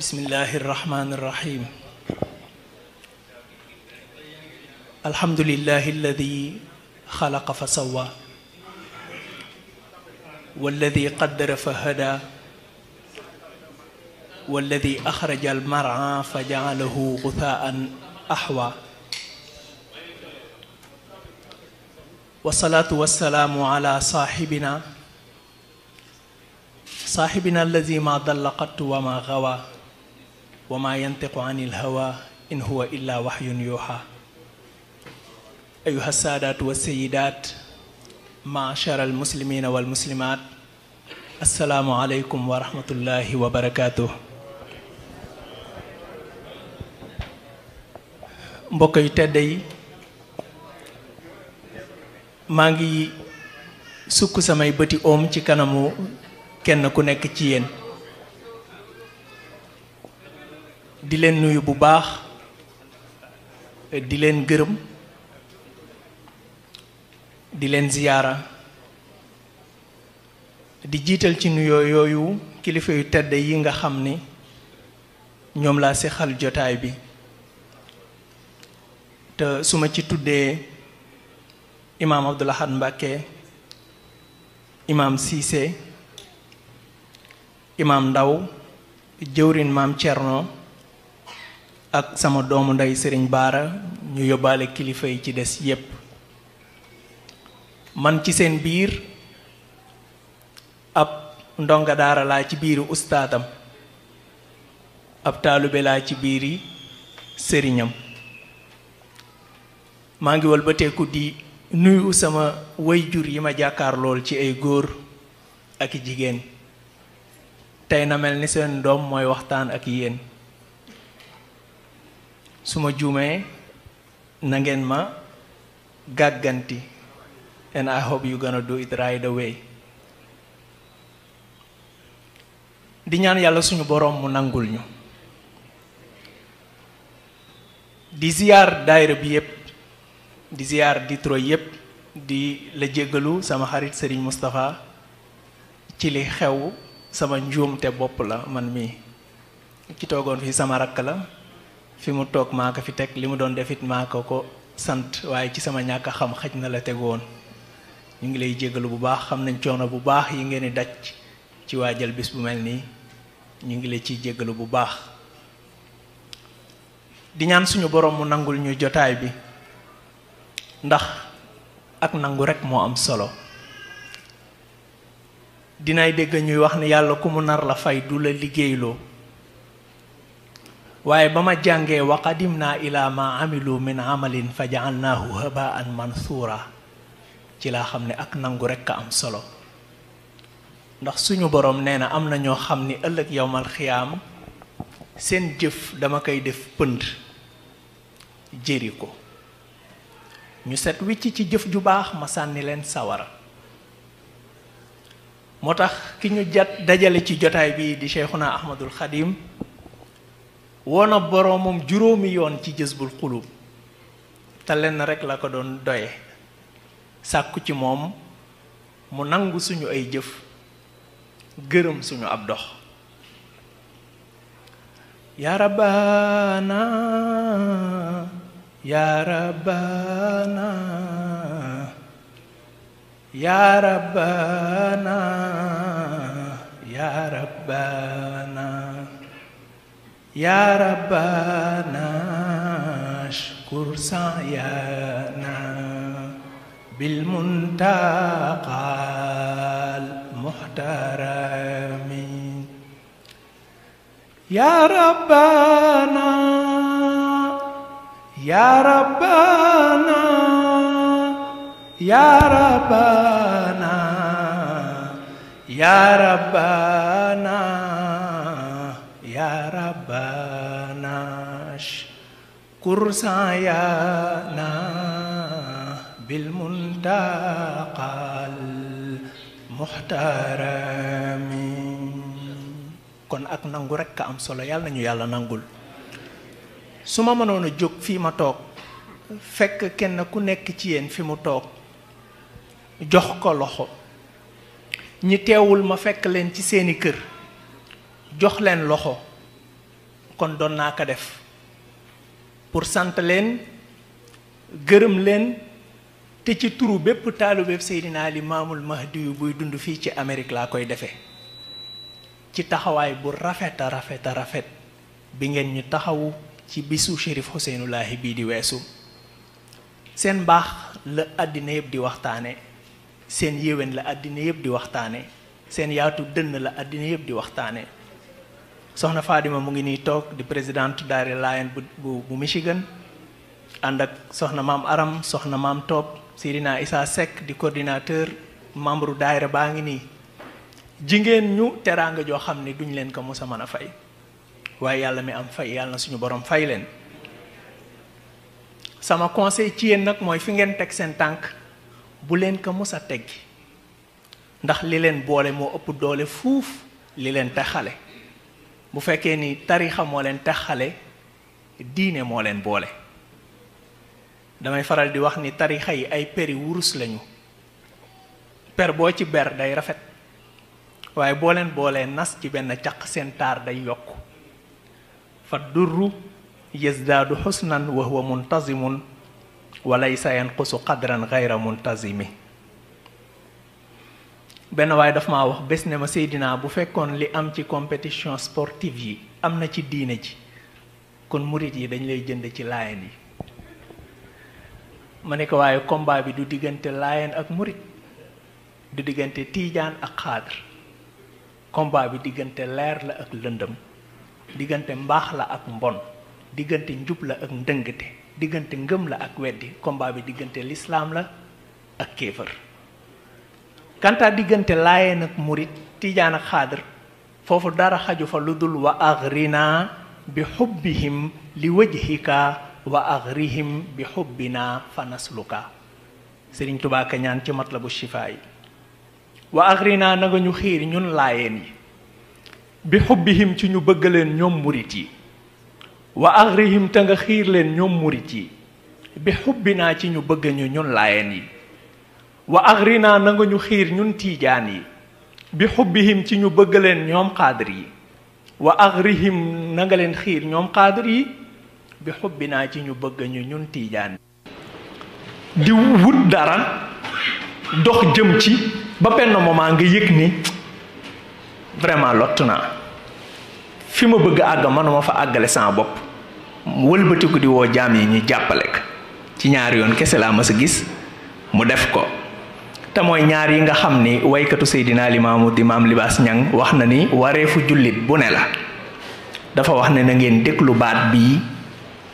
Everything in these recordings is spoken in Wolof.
بسم الله الرحمن الرحيم الحمد لله الذي خلق فسوى والذي قدر فهدى والذي أخرج المرعى فجعله غثاء أحوى والصلاة والسلام على صاحبنا صاحبنا الذي ما ضل قط وما غوى wa ma yantiqu an il hawa in huwa illa waxyun yuuxa ayuha saadaat wa sayidaat maachara almuslimina walmuslimaat assalaamu aleykum wa rahmatullahi wa barakaatuh mbokk yu tedd yi maa ngi sukk samay bëti om ci kanamu kenn ku nekk ci yéen di leen nuyu bu baax di leen gërëm di leen ziyaara di jiital ci nuyoo yooyu kilifa yu tedd yi nga xam ni ñoom laa si jotaay bi te su ma ci tuddee imaam Abdul Ahad Mbàkke imaam Siise imaam Ndaw jëwrin maam Cerno ak sama doomu nday serigne baara ñu yobale kilifa yi ci dess yépp man ci seen biir ab ndonga daara laa ci biiru oustadam ab talube laa ci biiri serignam ma ngi ku di nuyu sama wayjur yi ma jàkkaar lol ci ay goor ak jigen tay na melni seen doom moy waxtaan ak su ma juumee na ma gàgganti and I hope gën a do it right away di ñaan yàlla suñu boroom mu nangul ñu di ziyaar daayira bi yépp di ziyaar Detroit yépp di la jéggalu sama xarit sëriñ Moustapha ci li xew sama njuumte bopp la man mi ci toogoon fii sama rakk la fi mu tok maa fi tek limu don defit maa ko sante sant ci sama ñaka xam xaj na la tegoon ñu ngi lay jégalu bu baax xam nañ coono bu baax yi ngeen di dacc ci bis bu melni ñu ngi lay ci jégalu bu baax di ñaan suñu borom mu nangul ñu jotaay bi ndax ak nangu rek mo am solo dinaay dégg ñuy wax ni yalla ku nar la fay du la liggéeyloo waaye ba ma jàngee wa na ila ma amilu min amalin fa jaalnaahu habaan mansuura ci laa xam ne ak nangu rekk am solo ndax suñu boroom nee na am na ñoo xam ni ëllëg yowmal xiyaam seen jëf dama koy def pënd jëri ko ñu set wicc ci jëf ju baax ma sànni leen sawara moo tax ki ñu jat dajale ci jotaay bii di Cheikhuna Ahmadul xadiim wona boromum boroomam yon ci jësbul qulub ta len rek la ko don doye sakku ci mom mu nangu suñu ay jëf geureum suñu ab dox ya Rabana, ya Rabana, ya Rabana, ya Rabana. يا ربنا اشكر سعينا بالمنتقى المحترم يا ربنا يا ربنا يا ربنا يا ربنا ربنا اشكر سعيانا بالمنتقى المحترم kon ak nangu rekk am solo yàlla nañu yàlla nangul su ma mënoon jóg fii ma toog fekk kenn ku nekk ci yéen fi mu toog jox ko loxo ñi teewul ma fekk leen ci seeni kër jox leen loxo kon doon naa ko def pour sant leen gërëm leen te ci turu bépp taalubéb Seydina Limaamul Mahdi yu buy dund fii ci Amérique laa koy defee ci taxawaay bu rafeta rafeta rafet bi ngeen ñu taxawu ci bisu Chérif Ousseynoulahi bii di weesu seen baax la àddina yëpp di waxtaane seen yéwén la àddina yëpp di waxtaane seen yaatu dënn la àddina yëpp di waxtaane soxna Fadima mu ngi ni tok di présidente dari Lion bu bu Michigan anda ak soxna mam Aram soxna mam Top Sirina isa sek di coordinateur membre daire ba ngi ni jingen ñu teranga jo xamni duñ leen ko musa mana fay way yalla mi am fay yalla suñu borom fay leen sama conseil ci yeen nak moy fi ngeen tek sen tank bu leen ko musa a teggi ndax li leen boole mo upp doole fuuf li leen taxale bu fekkee ni tarixa moo leen taxale diine moo leen boole damay faral di wax ni tarixa yi ay peri wurus lañu per boo ci ber day rafet waaye boo leen boolee nas ci benn caq seen taar day yokk fa durru yazdaadu xusnan wa huwa muntazimun wa laysa yanqusu qadran gayra muntazimi benn waaye dafa ma wax bés ne ma seydinaa bu fekkoon li am ci compétition sportive yi am na ci diine ji kon murit yi dañ lay jënd ci laayeen yi ma ne ko waaye combat bi du diggante laayeen ak murit du diggante tiijaan ak xaadar combat bi diggante leer la ak lëndëm diggante mbaax la ak mbon diggante njub la ak ndëngte diggante ngëm la ak weddi combat bi diggante lislaam la ak kéefër kanta diggante laayeen ak murit tiijaan ak xaadir foofu dara xaju fa lu dul wa agrina bi xubbihim li wajhika wa agrihim bi xubbina fa nasluka sëriñ Tuubaa ka ci matlabu shifaa yi wa agrina nanga ñu xiir ñun laayeen yi bi xubbihim ci ñu bëgg leen ñoom murit yi wa agrihim te nga xiir leen ñoom murit yi bi xubbinaa ci ñu bëgg ñu ñun laayeen yi wa aghrina nanga ñu xir ñun tijani yi bi hubbihim ci ñu bëgg leen ñom wa agrihim na leen xir ñom xaadir yi bi hubbina ci ñu bëgg ñu ñun tiijaan di wut dara dox jëm ci ba ben moment nga yek ni vraiment lott fi ma bëgg àgg manuma fa agalé sa bop wëlbeutiku di wo jami ñi ci ñaar yoon kessela ma sa gis mu def ko ta moy ñaar yi nga way ni sayidina al imam di mam libas ñang wax na ni wareefu julit bu ne la dafa wax ne na ngeen deklu baat bii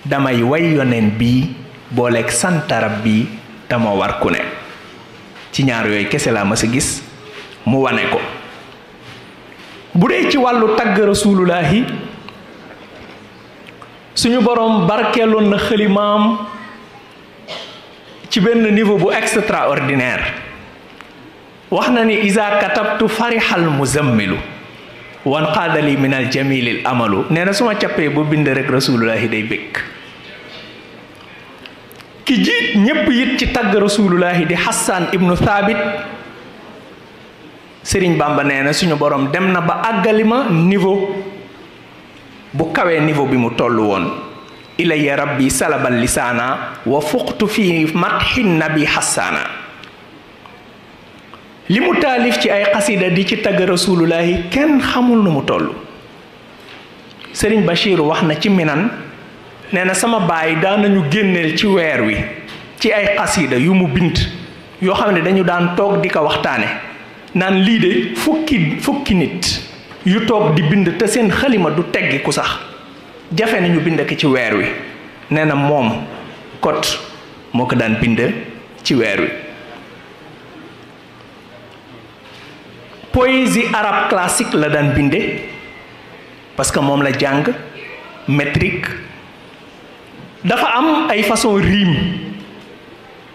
damay way yoneen bii booleeg santa rabbi ta mo war ku ne ci ñaar yoy kese la ma a gis mu wané ko bu dee ci walu tag rasulullah suñu borom barkelon na xëlimaam ci ben niveau bu extraordinaire wax na ni isa katabtu farihal muzammilu wan qaadali min al jamilil amalu nee na su cappee bu bind rek rasulullahi day bëgg ki jiit ñépp it ci tagg rasulullahi di hassan ibnu thabit sëriñ bamba nee na suñu borom dem na ba àggali ma niveau bu kawee niveau bi mu toll woon ilaya rabbi salabal lisaana wa fuqtu fi matxi nabi hassana li mu taalif ci ay xasida di ci tagg rasulullahi kenn xamul na mu toll sëriñ Bachir wax na ci minan nee na sama baay daanañu génneel ci weer wi ci ay xasida yu mu bind yoo xam ne dañu daan toog di ko waxtaane naan lii de fukki fukki nit yu toog di bind te seen xalima du teggi ku sax jafe nañu bind ko ci weer wi nee na moom kot moo ko daan bind ci weer wi poésie arabe classique la daan binde parce que moom la jàng métrique dafa am ay façon rime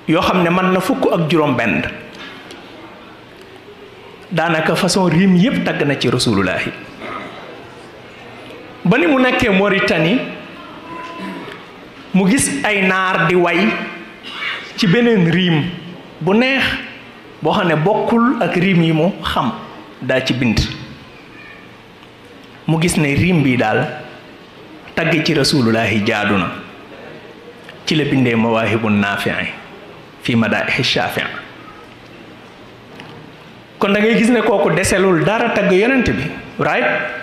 yoo xam ne mën na fukk ak juróom benn daanaka façon rime yépp tagg na ci rasulullahi ba ni mu nekkee Mauritanie mu gis ay naar di way ci beneen rime bu neex boo xam ne bokkul ak rime yi mu xam daal ci bind mu gis ne rim bi daal tagg ci rasulullahi jaadu na ci la bindee mawaahibu naafi'i fi madaa'ihi shaafi'i kon dangay gis ne kooku deselul dara tagg yonent bi right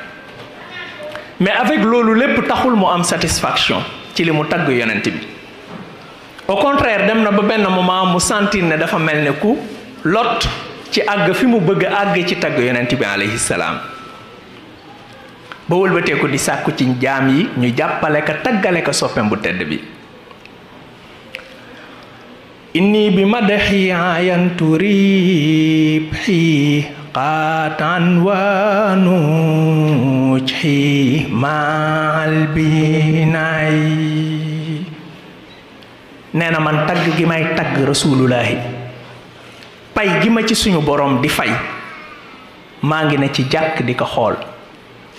mais avec loolu lépp taxul mu am satisfaction ci li mu tagg yonent bi au contraire dem na ba benn moment mu sentir ne dafa mel ne ku lot ci ag fi mu bëgg ag ci tagg yonnati bi alayhi salaam ba ko di sakku ci jaam yi ñu jappalé ka tagalé ka soppem bu tedd bi inni bi madhi ayan turib xi qatan wa nujxi maal binay nee na man tag gi may tag rasulullahi pay gi ma ci suñu boroom di fay maa ngi ne ci jàkk di ko xool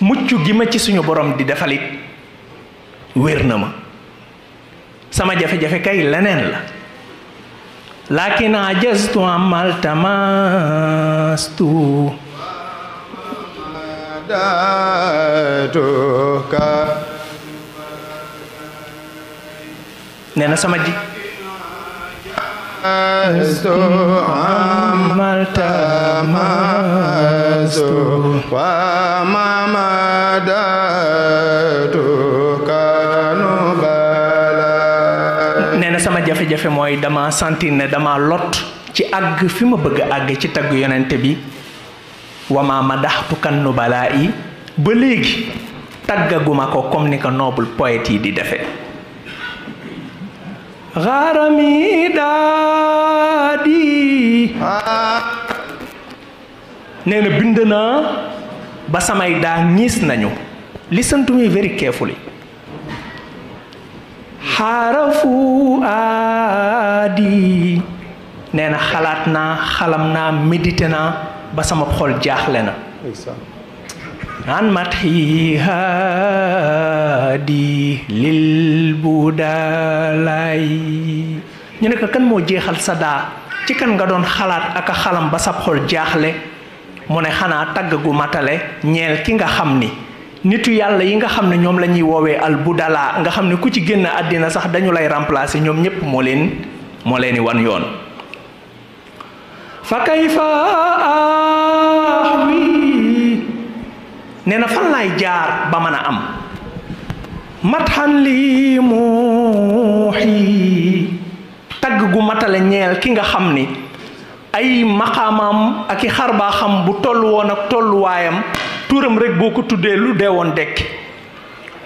mucc gi ma ci suñu boroom di defalit wér na ma sama jafe-jafe kay leneen la lakin ajastu amal tamastu nee na sama ji أست عملت ما nee na sama jafe-jafe mooy dama sentir ne dama lot ci àgg fi ma bëgg àgg ci tagg yonente bi wama madaxtu kannu balaa yi ba léegi taggaguma ko comme ni ko noble poète yi di defe xarami daadi na bind naa ba samay daa ñiis nañu li to me very carefully xaarafu aadi nee na xalaat naa xalam naa médité naa ba sama xol jaaxle na عن مدحه bu للبدالاي ñu nekk kan moo jeexal sa daa ci kan nga doon xalaat ak xalam ba sab xol jaaxle mu ne xanaa tagg gu matale ñeel ki nga xam ni nitu yàlla yi nga xam ne ñoom la ñuy woowee al budala nga xam ne ku ci génn àddina sax dañu lay remplacer ñoom ñépp moo leen moo leen i wan yoon fa kayfa nee na fan laay jaar ba mën a am matxan lii muuxi tagg gu matale ñeel ki nga xam ni ay maqaamam ak i xar bu toll woon ak tolluwaayam tuuram rek boo ko tuddee lu dee woon dekk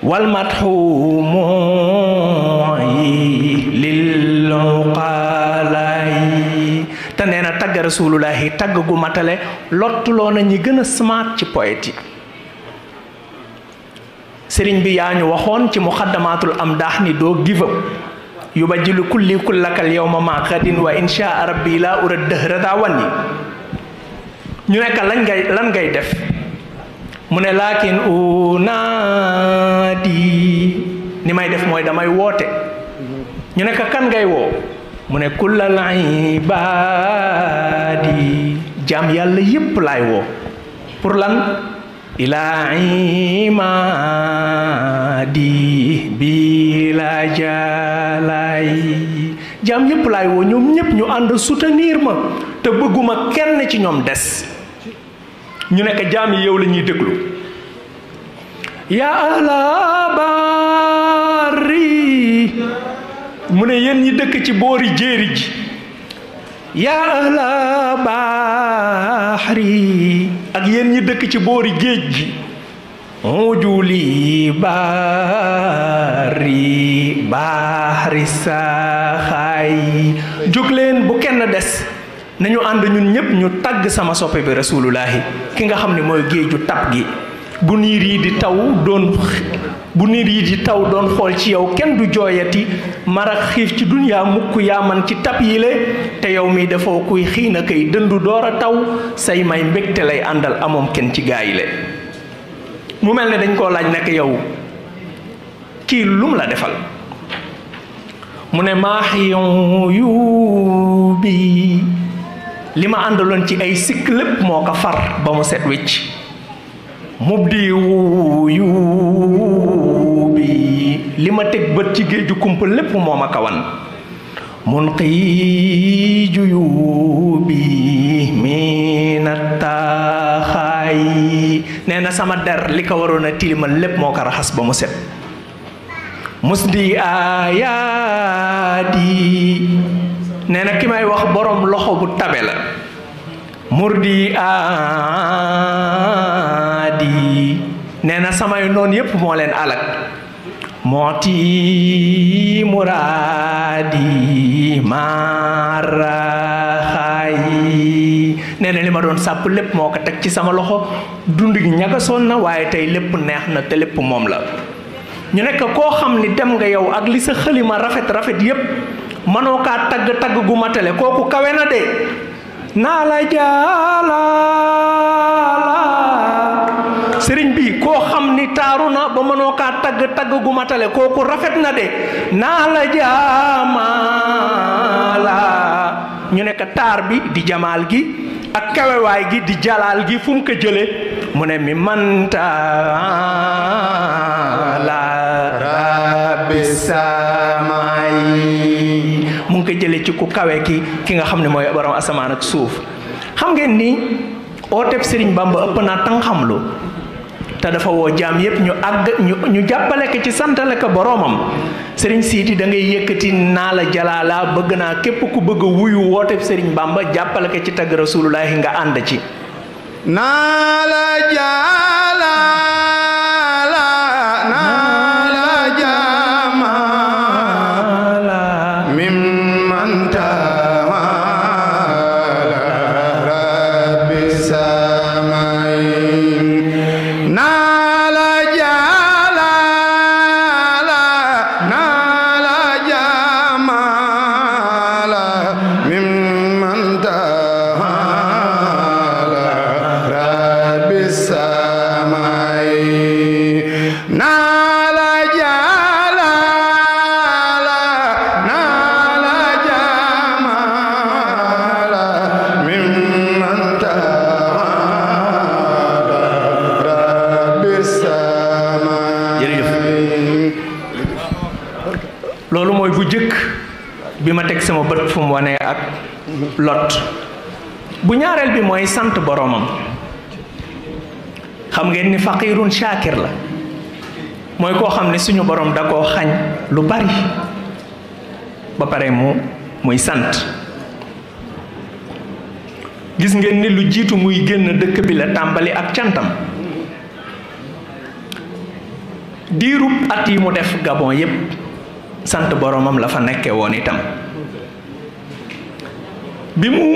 wal matxu muuxi lil uqalaay te nee na tagg rasulullahi tagg gu matale lottuloo na ñi gën a smart ci poète yi sëriñ bi yaa ñu waxoon ci muxaddamaatul am daax ni doo give up yu ba jilu kulli kullakal yow ma maqadin wa insha rabbi laa ura dëhrata wanni ñu nekk lan ngay lan ngay def mu ne laakin unaadi ni may def mooy damay woote ñu nekk kan ngay woo mu ne kullal ibaadi jaam yàlla yépp laay woo pour lan إلى عمادي بلا جالاي jaam ñëpp laay woo ñoom ñëpp ñu ànd soutenir ma te bëgguma kenn ci ñoom des ñu nekk jaam yi yow lañuy ñuy déglu yaa mu ne yéen ñi dëkk ci boori jéeri ji yaa ala ak yéen ñi dëkk ci boori géej gi mujuli baari baari saaxaay jóg leen bu kenn des nañu ànd ñun ñépp ñu tàgg sama soppe bi rasulullahi ki nga xam ni mooy géeju tab gi bu niir yi di taw doon bu nit yi di taw doon xool ci yow kenn du jooyati mara xiif ci duniyaa mukk yaa man ci tab yi le te yow mi dafoo kuy xiina kay dëndu door a taw say may mbégte lay àndal amoom kenn ci gaa yi le mu mel ne dañ koo laaj nekk yow kii lum la defal mu ne maax yu bi li ma àndaloon ci ay sikk lépp moo ko far ba mu set wicc mubdi wuyuubi li ma teg bët ci géeju kumpa lépp moo ma kawan munqi juyuubi mina taaxaay nee na sama der li ko waroon a tilimal lépp moo ko raxas ba mu set musdi aayaadi nee na ki may wax borom loxo bu tabe la murdi aadi nee na samay noonu yépp moo leen moo mooti muraadi maraxayi nee na li ma doon sàpp lépp moo ko teg ci sama loxo dund gi ñagasoon na waaye tey lépp neex na te lépp moom la ñu nekk koo xam ni dem nga yow ak li sa xalima rafet rafet yépp manoo kaa tagg tagg gu matale kooku kawe na de naa la jaala sëriñ bi koo xam ni taaru na ba mënoo kaa tagg tagg gu matale kooku rafet na de naa la jaamaala ñu nekk taar bi di jamaal gi ak kawewaay gi di jalaal gi fu ko jële mu ne mi mantaala rabbi samaay ngi ko jëlee ci ku kawe ki ki nga xam ne mooy borom asamaan ak suuf xam ngeen ni ooteb Serigne Bamba ëpp naa tànqamlu te dafa woo jaam yépp ñu àgg ñu jàppale ko ci santale ko boroomam sëriñ siiti da ngay yëkkati naa la jalaala bëgg naa képp ku bëgg a wuyu woote sëriñ bàmba jàppale ko ci tagg rasulullahi nga ànd ci naa la jalaala sama bët fu mu wane ak lot bu ñaareel bi mooy sant boroomam xam ngeen ni faqirun shaakir la mooy koo xam ne suñu borom da koo xañ lu bari ba pare mu muy sant gis ngeen ni lu jiitu muy génn dëkk bi la tàmbali ak cantam diirub at yi mu def Gabon yépp sant boroomam la fa nekke woon itam bi mu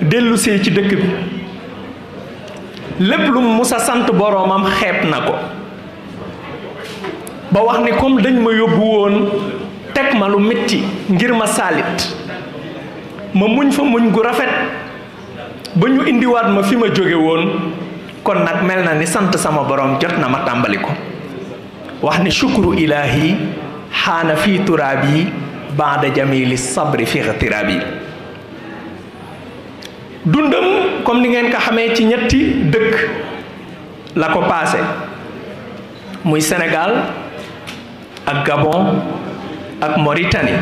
dellusee ci dëkk bi lépp lu musa sant boroomam xeeb na ko ba wax ni comme dañ ma yóbbu woon teg ma lu metti ngir ma saalit ma muñ fa muñ gu rafet ba ñu indiwaat ma fi ma jóge woon kon nag mel na ni sant sama boroom jot na ma tàmbali ko wax ni shukru ilaahi xaana fii turaab yi baada jamili sabri fi xtiraab yi dundam comme ni ngeen ko xamé ci ñetti dekk la ko passé muy sénégal ak gabon ak mauritanie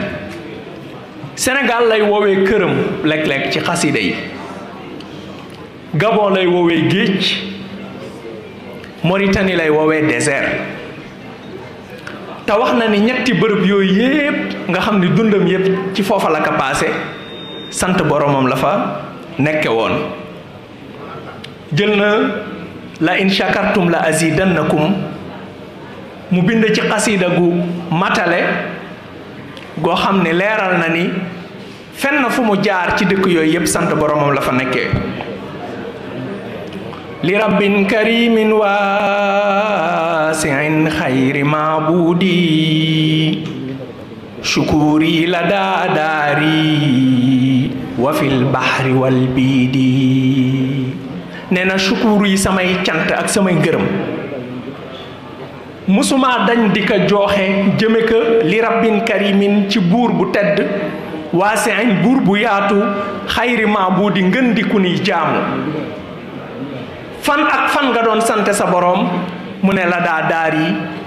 sénégal lay wowe kërëm lek-lek ci day. yi gabon lay wowe géej mauritanie lay wowe désert Tawahna waxna ni ñetti bërëb yoy yépp nga xamni dundam yépp ci foofa la ka passé sante boromam la fa nekke woon jël na la in shakartum la azidannakum mu bind ci xasida gu matale goo xam ne leeral na ni fenn fu mu jaar ci dëkk yooyu yépp sant boromam la fa nekke li rabbin karimin waasiin xayri maabudi shukuri la daadaari wa fil bahri wal nee na sukuur yi samay cant ak samay ngërëm musuma dañ di ko jooxe jëme ko li rabbin karimin ci buur bu tedd waasiin buur bu yaatu xayri ma bu di ngën di ku niy jaamu fan ak fan nga doon sante sa boroom mu ne la daa yi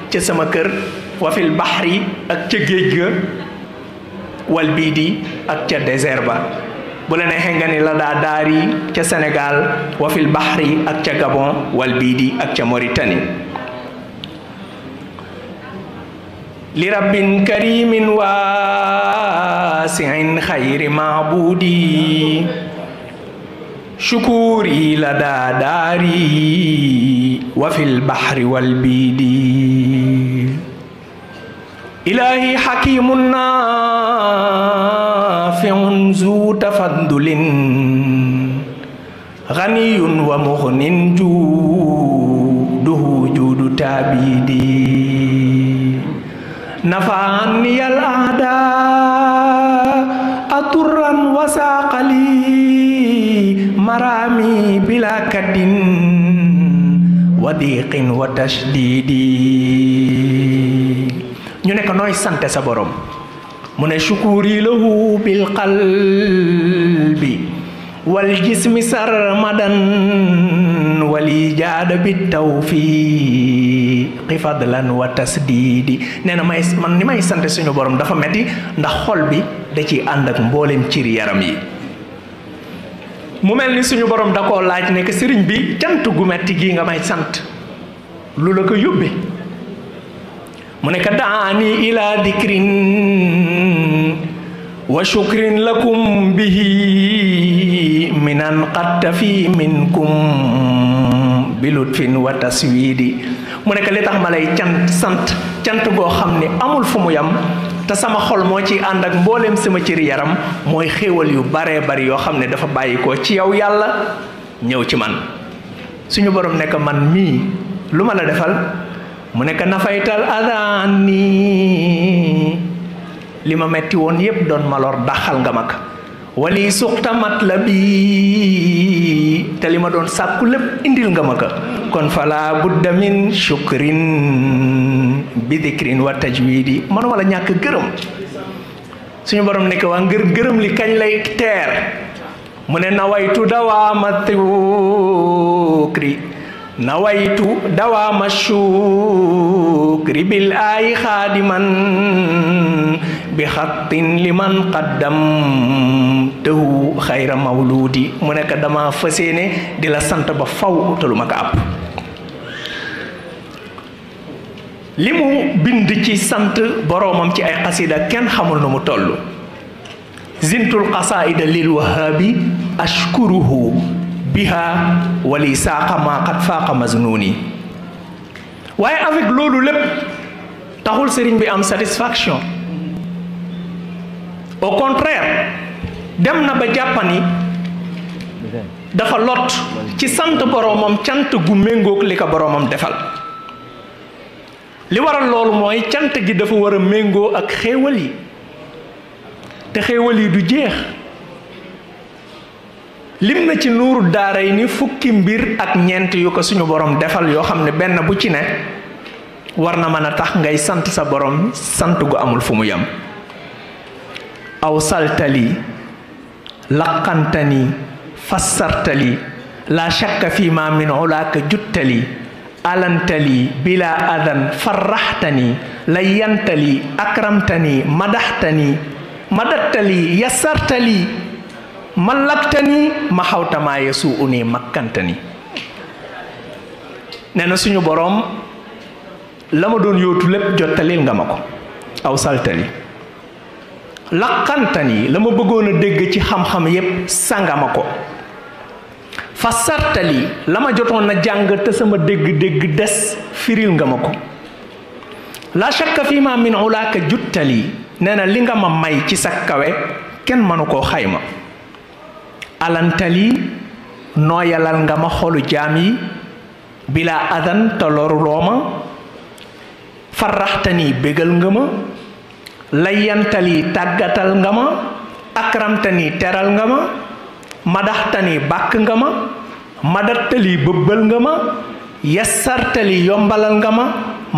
ca sama kër wa fil bahri ak ca géej ga wal bii di ak ca désert ba bu la neexee nga ni ca Sénégal wa fil bahri ak ca Gabon wal biidi ak ca Mauritanie li rabbin karimin waasiin xayri maabudi shukuri la daa wa fil bahri wal biidi ilahi hakimun نافع ذو تفضل غني ومغن جوده جود تابيدي نفعني الأعداء أطرا وساق لي مرامي بلا كد وضيق وتشديد ñu nekk nooy sant sa borom munashukuri lahu bil qalbi wal jismi sarmadan wal ijad bit tawfiq fadlan wa tasdid neena may man ni may sante suñu borom dafa metti Nda xol bi da ci and ak mbollem ci yaram yi mu melni suñu borom dako laaj nek bi Cantu gu metti gi nga may sante lu la muneka dani ila dikrin وشكر لكم به من انقدت في منكم بلطف وتسويد mu nekk li tax ma lay cant sant cant goo xam ne amul fu mu yam te sama xol moo ci ànd ak mbooleem sama cëri yaram mooy xéewal yu baree bari yoo xam ne dafa bàyyi ko ci yow yàlla ñëw ci man suñu borom nekk man mii lu ma la defal mu nekk nafaytal adaani Lima ma metti woon yépp doon ma daxal nga mak wali suqta matlabi te li ma doon indil nga mak kon fala budda min shukrin bi dhikrin wa tajwidi man wala ñak geureum suñu borom nekk wa ngeur geureum li kañ lay ter mu nawaitu nawaytu dawaama نويت دوام الشكر بالآي خادما بخط لمن قدمته خير مولودي mu nekk dama fas yéene di la sant ba faw te ko àpp li mu bind ci sant boroomam ci ay xasida kenn xamul nu mu toll zintul qasaida lil wahaabi ashkuruhu biha wali saaqa ma qad faaqa maznuuni waaye avec loolu lépp taxul sëriñ bi am satisfaction au contraire dem na ba jàppani dafa lot ci sant boroomam cant gu méngoog li ko boroomam defal li waral loolu mooy cant gi dafa war a méngoo ak xéewal yi te xéewal yi du jeex lim na ci nuuru daara yi ni fukki mbir ak ñeent yu ko suñu borom defal yoo xam ne benn bu ci ne war na mën a tax ngay sant sa borom sant gu amul fu mu yem aw saltali laqantani fassartali la shakka fi ma min juttali alantali bila adan farraxtani layantali akramtani madaxtani madattali yasartali mallaktani ma xawtamaa yesu uni makkantani nee na suñu boroom la ma doon yóotu lépp jottalil nga ma ko aw saltali laqantani la ma bëggoon a dégg ci xam-xam yépp sanga ma ko fa sartali la ma jotoon na jàng te sama dégg-dégg des firil nga ma ko la shakka fii ma min ulaaka juttali nee na li nga ma may ci sa kawe kenn mënu koo xayma alantali nooyalal nga ma xolu jaam yi bilaa adan loruloo ma farraxtani bégal nga ma layyantali tàggatal nga ma akramtani teral nga ma madaxtani bàkk nga ma madattali bëbbal nga ma yassartali yombalal nga ma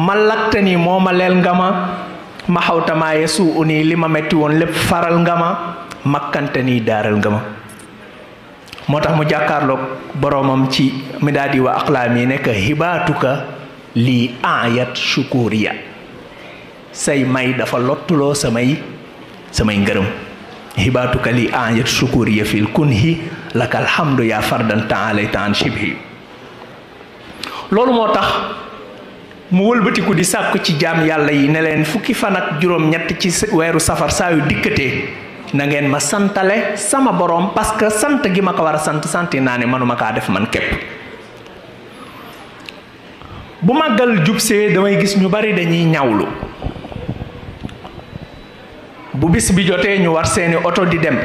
mallaktani moomaleel nga ma ma xawtamaa yesu uni li ma metti woon lépp faral nga ma makkante ni daaral nga ma moo tax mu jàkkaarlook boroomam ci midaadi wa aqlaam yi nekk hibaatuka lii aayat shukuriya say may dafa lottuloo samay samay ngërëm hibaatuka lii aayat shukuriya fil kunhi lakal hamdu yaa fardan taalay taan shibhi loolu moo tax mu wëlbatiku di sàkku ci jaam yàlla yi ne leen fukki fan ak juróom ñett ci weeru safar saa yu dikkatee na ngeen ma santale sama borom parce que sant gi ma ko war a sant santi naa ne manuma kaa def man képp bu màggal jubsee damay gis ñu bari dañuy ñawlu bu bis bi jotee ñu war seeni oto di dem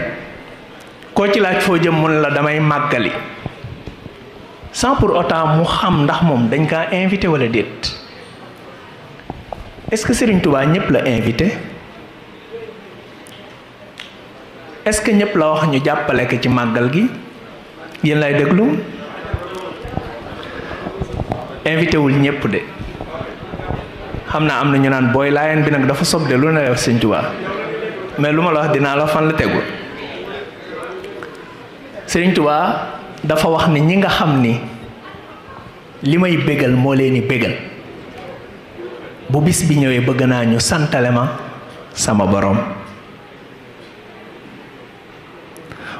koo ci laaj foo jëm mun la damay màggali sans pour autant mu xam ndax moom dañ kaa invité wala déet est-ce que Serigne Touba ñépp la invité est-ce que ñep la wax ñu jappalé ke ci magal gi yeen lay déglu invité wul ñep dé xamna amna ñu naan boy lion bi nak dafa sob de lu ne lay wax sëñ tubaa mais luma la wax dina la fan la téggu sëriñ touba dafa wax ni ñi nga xamni limay bégal mo bégal bu bis bi ñëwé bëgg ñu sama borom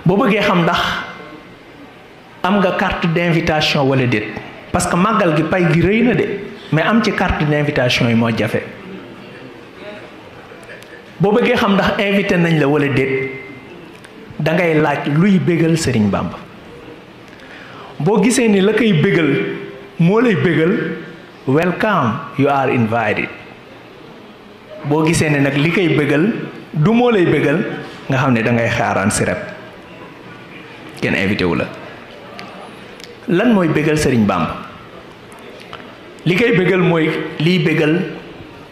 boo bëggee xam ndax am nga carte d'invitation walla déet parce que màggal gi pay gi rëy na de mais am ci carte d'invitation yi moo jafe boo bëggee xam ndax invité nañ la wala déet dangay laaj luy bégal Serigne Bamba boo gisee ni la koy bégal moo lay bégal welcome you are invited boo gisee ne nag li koy bégal du moo lay bégal nga xam ne dangay xaaraan si rek kenn invité wu la lan mooy bégal sëriñ baam li koy bégal mooy liy bégal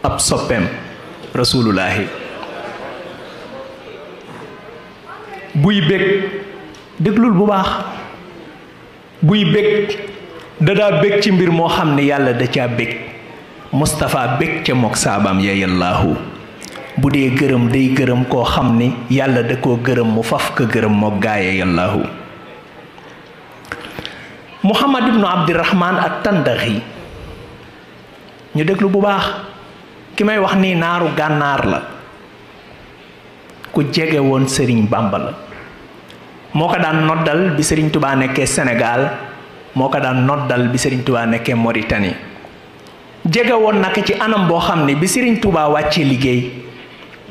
ab soppeem rasulullahi buy bég déglul bu baax buy bég dadaa bég ci mbir moo xam ne yàlla da caa bég Moustapha bég ca mook saabaam yeyallaahu bu dee gërëm day gërëm koo xam ne yàlla da koo gërëm mu faf ka gërëm mook gaaye yallaahu muhammad ibnu abdirahman ak tandaxi ñu déglu bu baax ki may wax nii naaru gànnaar la ku jege woon sëriñ bàmba la moo ko daan noddal bi sëriñ tubaa nekkee sénégal moo ko daan noddal bi sëriñ tubaa nekkee mauritanie jege woon nag ci anam boo xam ne bi sëriñ tubaa wàccee liggéey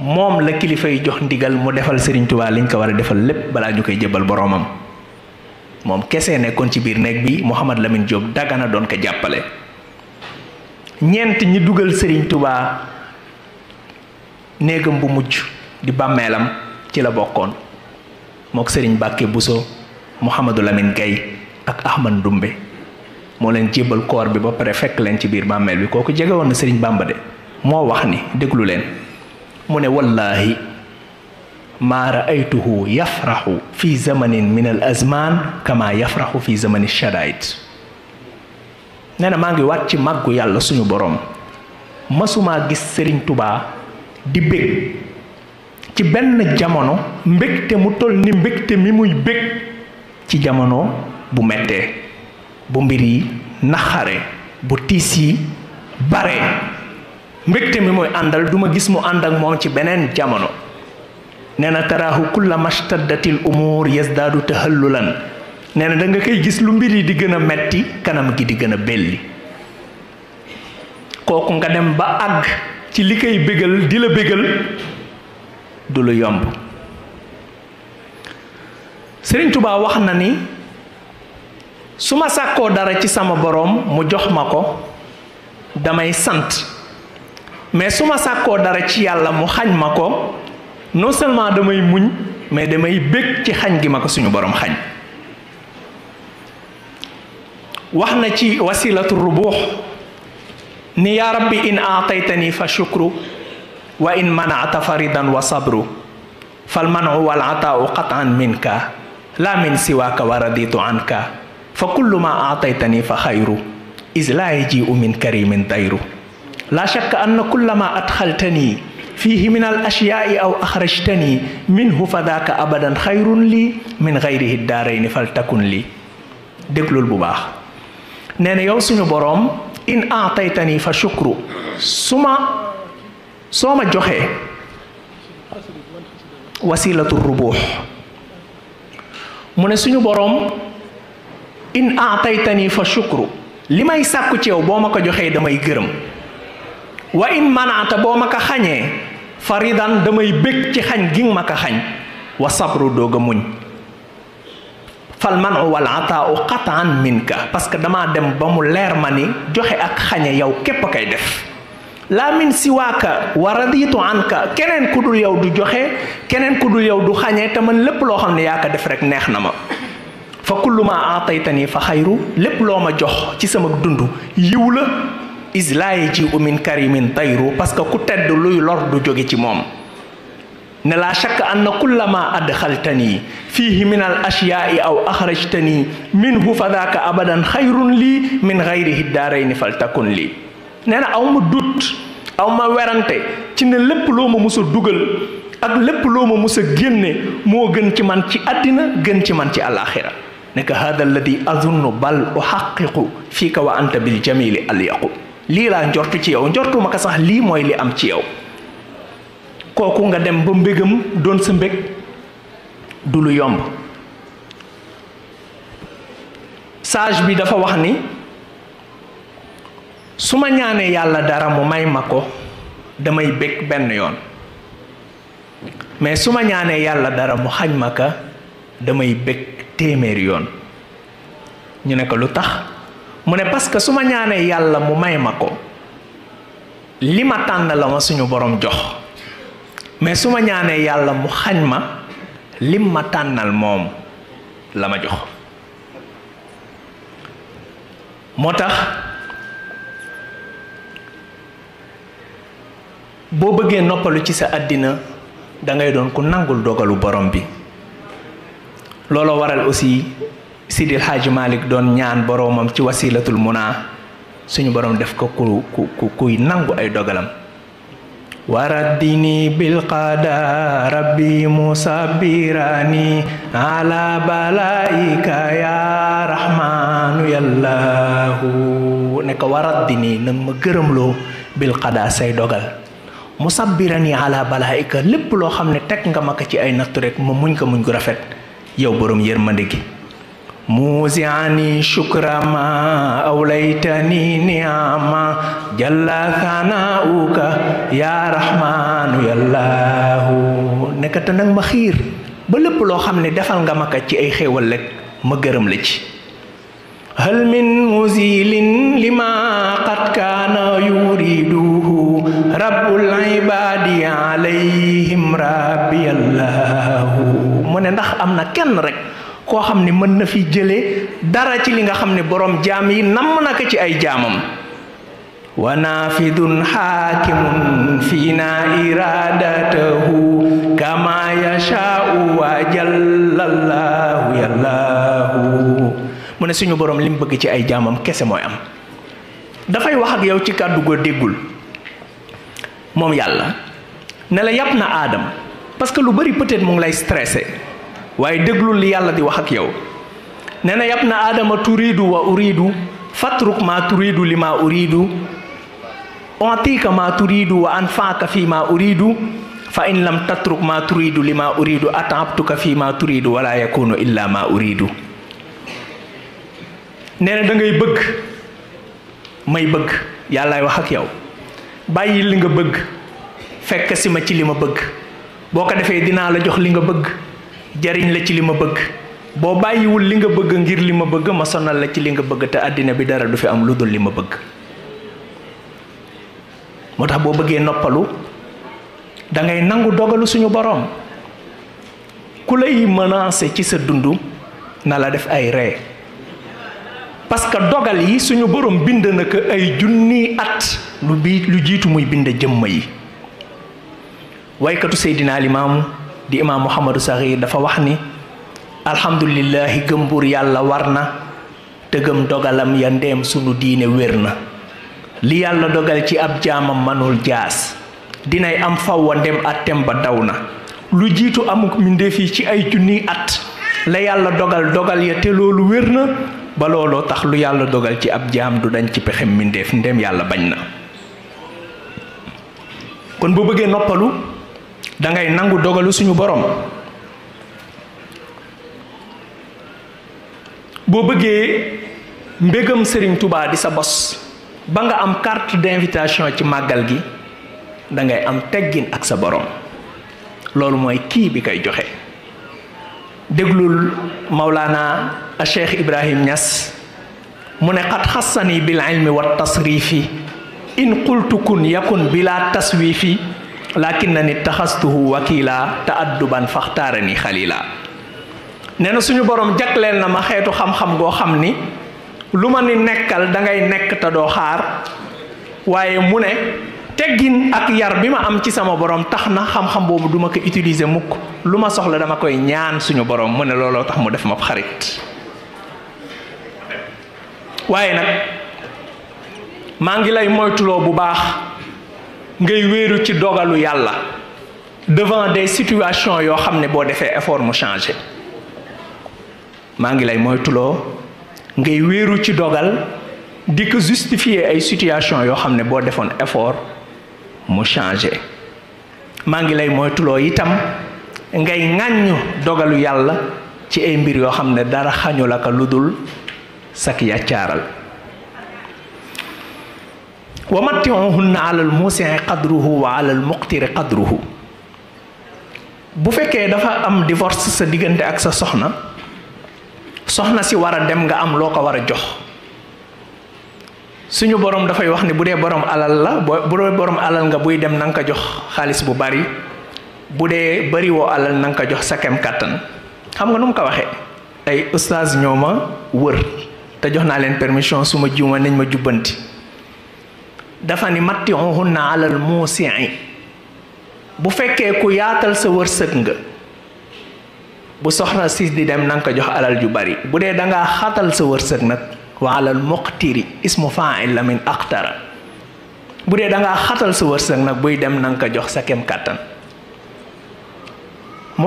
moom la kilifa yi jox ndigal mu defal sëriñ tubaa liñ ko war a defal lépp balaa ñu koy jëbal boroomam mom kessé nekkon ci bir nek bi mohammed Lamine Diop dagana don ko jappalé ñent ñi duggal Serigne Touba negam bu mucc di bamélam ci la bokkon mok Serigne Bakke buso mohammed Lamine gay ak Ahmad Dumbe mo len jébbal koor bi ba paré fekk len ci bir bamél bi koku jege Serigne Bamba de mo wax ni deglu len mune wallahi maa raaytuhu yafraxu fi zamanin min al azman kama yafraxu fi zamani shadaid nee maa ngi waat ci màggu yàlla suñu boroom masumaa gis sëriñ tubaa di bég ci benn jamono mbégte mu toll ni mbégte mi muy bég ci jamono bu mettee bu mbir yi naxare bu tiis yi bare mbégte mi muy àndal duma gis mu ànd ak moom ci beneen jamono nee na taraahu kulla mashtaddatil umuur yasdaadu tahallulan nee na da nga koy gis lu mbir yi di gën a metti kanam gi di gën a belli kooku nga dem ba àgg ci li koy bégal di la bégal du lu yomb Sëriñ Tuubaa wax na ni su ma sàkkoo dara ci sama boroom mu jox ma ko damay sant mais su ma sàkkoo dara ci yàlla mu xañ ma ko non seulement damay muñ mais damay bekk ci xagn gi mako suñu borom xagn waxna ci wasilatu rubuh ni ya rabbi in a'taytani fa shukru wa in manata faridan wa sabru fal man'u فالمنع والعطاء قطعا منك لا من سواك ورديت عنك فكل ما أعطيتني فخير إذ لا يجيء من كريم دير لا شك أن كل ما أدخلتني فيه من الأشياء أو أخرجتني منه فذاك أبدا خير لي من غيره الدارين فلتكن لي دقل البباخ نين يوسن بروم إن أعطيتني فشكر سما سما جوخي وسيلة الربوح من سنو بروم إن أعطيتني فشكر لما يساكو تيو بوما كجوهي دمي جرم وإن منعت بوما كخانيه faridan damay bég ci xañ gi ma ko xañ wa sabru doog a muñ fal manu wal ataa u qataan minka parce que dama dem ba mu leer ma ni joxe ak xañe yow képp kay def laa min siwaaka wa raditu anka keneen ku dul yow du joxe keneen ku dul yow du xañe te man lépp loo xam ne yaa ko def rek neex na ma fa kullu ma aataytani fa xayru lépp loo ma jox ci sama dund yiw la islaayi ji umin karimin tayru parce ku tedd luy lor du jóge ci moom ne la shakk anna kullama adxaltani fiihi min al ashyaai aw axrajtani minhu fa daaka abadan xayrun lii min gayrihi daarayni faltakun lii nee na aw ma dut aw ma werante ci ne lépp loo ma mus dugal ak lépp loo ma musa a génne moo gën ci man ci àddina gën ci man ci alaaxira nekk hada alladi azunnu bal uxaqiqu fiika wa anta biljamili alyaqu lii laa njortu ci yow njortuma ko sax lii mooy li am ci yow kooku nga dem ba mbégam doon sa mbég du lu yomb sage bi dafa wax ni su ma ñaanee yàlla dara mu may ma ko damay bég benn yoon mais su ma ñaanee yàlla dara mu xañ ma ka damay bég téeméeri yoon ñu ne ko lu tax mu ne parce que su ma ñaanee yàlla mu may ma ko li ma tànn ma suñu borom jox mais su ma ñaanee yàlla mu xañ ma lim ma tànnal moom la ma jox moo tax boo bëggee noppalu ci sa àddina da ngay doon ku nangul dogalu borom bi looloo waral aussi Sidil haji malik don ñaan boromam ci wasilatul muna suñu borom def ko ku ku kuy nangu ay dogalam ala balaika ya rahman ya allah ne ko يا ne ma geureum lo bil qada say dogal musabbirani ala balaika lepp lo xamne tek nga maka ci ay nattu rek mo muñ ko muñ gu rafet yow borom yermande gi Muziani شكر ما أوليتني نعما جل ثناؤك ya رحمن ya الله نك تنك مخير ba lepp lo xamne defal nga maka ci ay xewal lek ma geureum la ci hal min muzilin lima qad kana yuriduhu rabbul ibadi alaihim rabbi allah mu ne ndax amna kenn rek ko xamne ne mën na fi jëlee dara ci li nga xamne borom jaam yi nam na ko ci ay jaamam wa hakimun fi fiina kama yasha'u wa jallallahu yallahu mu ne suñu borom lim bëgg ci ay jaamam kese moy am fay wax ak yow ci kaddu go déggul mom yalla nala yapna adam parce que lu bari peut-être mo ngi lay stresser waaye déglul li yàlla di wax ak yow nee na yab na aadama turiidu wa uriidu fatruk ma turiidu li ma uriidu ontika ma turiidu wa anfaaka fi ma uriidu fa in tatruk ma turiidu li ma uriidu ataabtuka fi ma turiidu wala yakunu illa ma uriidu nee na bëgg may bëgg yàllaay wax ak yow bàyyi li nga bëgg fekk si ma ci li ma bëgg boo ko defee dinaa la jox li nga bëgg jariñ la ci li ma bëgg boo bàyyiwul li nga bëgg ngir li ma bëgg ma sonal la ci li nga bëgg te àddina bi dara du fi am lu dul li ma bëgg moo tax boo bëggee noppalu da ngay nangu dogalu suñu boroom ku lay menacer ci sa dund na la def ay ree parce que dogal yi suñu boroom bind na ko ay junni at lu bi lu jiitu muy bind jëmm yi waykatu Seydina Limaamu di imaam Mouhamadou Saxiir dafa wax ni alhamdulilahi gëm buur yàlla war na te gëm dogalam ya ndeem sunu diine wér na li yàlla dogal ci ab jaamam manul jaas dinay am fawwa ndem attem ba daw na lu jiitu amuk mbindéef yi ci ay junniy at la yàlla dogal dogal ya te loolu wér na ba looloo tax lu yàlla dogal ci ab jaam du dañ ci pexem mbindéef ndem yàlla bañ na kon bu bëggee noppalu dangay nangu dogalu suñu borom boo bëggee mbégam sëriñ Touba di sa bos ba nga am carte d'invitation ci màggal gi dangay am teggin ak sa boroom loolu mooy kii bi koy joxe déglul Maulana Cheikh Ibrahim Niass mu ne xat xassani bil ilmi wa tasrifi in qultu kun yakun bila taswifi lakin na nit ni taxastuhu wakila te adduban faxtaara ni xalila nee na suñu boroom borom leen na ma xeetu xam-xam goo xam ni lu ma ni nekkal da ngay xaar waaye mu ne teggin ak yar bi ma am ci sama borom tax na xam-xam boobu duma ko utiliser mukk lu ma soxla dama koy ñaan suñu boroom mu ne looloo tax mu def ma xarit waaye nag maa ngi lay moytuloo bu baax ngay wéeru ci dogalu yàlla devant des situations yoo xam ne boo defee effort mu changé maa ngi lay moytuloo ngay wéeru ci dogal di ko justifier ay situation yoo xam ne boo defoon effort mu changé maa ngi lay moytuloo itam ngay ŋàññu dogalu yàlla ci ay mbir yoo xam ne dara xañu la lu dul sak yàccaaral wa matti'uhunna 'ala al-musi'i qadruhu wa 'ala al-muqtiri qadruhu bu fekke dafa am divorce sa diggante ak sa soxna soxna si wara dem nga am loko wara jox suñu borom fay wax ni budé borom alal la budé borom alal nga buy dem nang ka jox xaalis bu bari budé bari wo alal nang ka jox sa kem xam nga num ka ko ay oustaz ñoma wër te jox na leen permission suma juma nañ ma jubanti dafa ne matti ni mattiuhunna alal muusi'i bu fekkee ku yaatal sa wërsëg nga bu soxna si di dem na ko jox alal ju bari bu dee dangaa xatal sa wërsëg nag wa alal muqtiri ismu fa'il la min aqtara bu dee dangaa xatal sa wërsëg nag buy dem na nga ko jox sa kem kàttan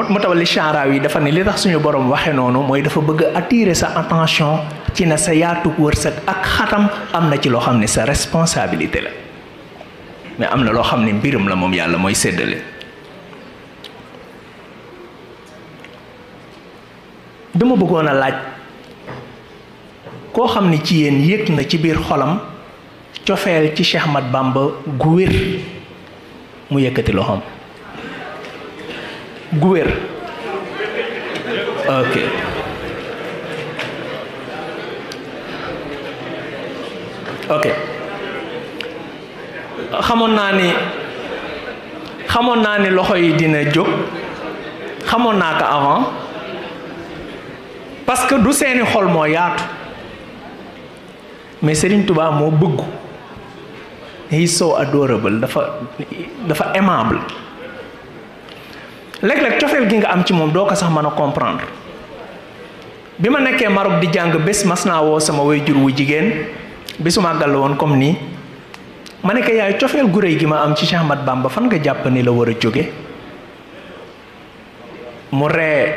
Mutawalli Sha'rawi yi dafa ne li tax suñu borom waxee noonu mooy dafa bëgg a sa attention ci na sa yaatu wërsëg ak xatam am na ci loo xam ne sa responsabilité la mais am na loo xam ne mbiram la moom yàlla mooy séddale. dama bëggoon a laaj koo xam ne ci yéen yëg na ci biir xolam cofeel ci Cheikh Ahmad Bamba gu wér mu yëkkati loxoom. gu wér ok ok xamoon naa ni xamoon naa ni loxo yi dina jóg xamoon naa ko avant parce que du seeni xol moo yaatu mais Serigne Touba moo bëgg he's so adorable dafa dafa aimable lek lek tiofel gi nga am ci mom do ko sax mëna comprendre bima nekké nekkee di jang bes mas sama jur wu jigen bésu gal won comme ni ma ke yaay tiofel gu reey gi ma am ci Cheikh Ahmad Bamba fan nga japp ni la wara joggé mu ree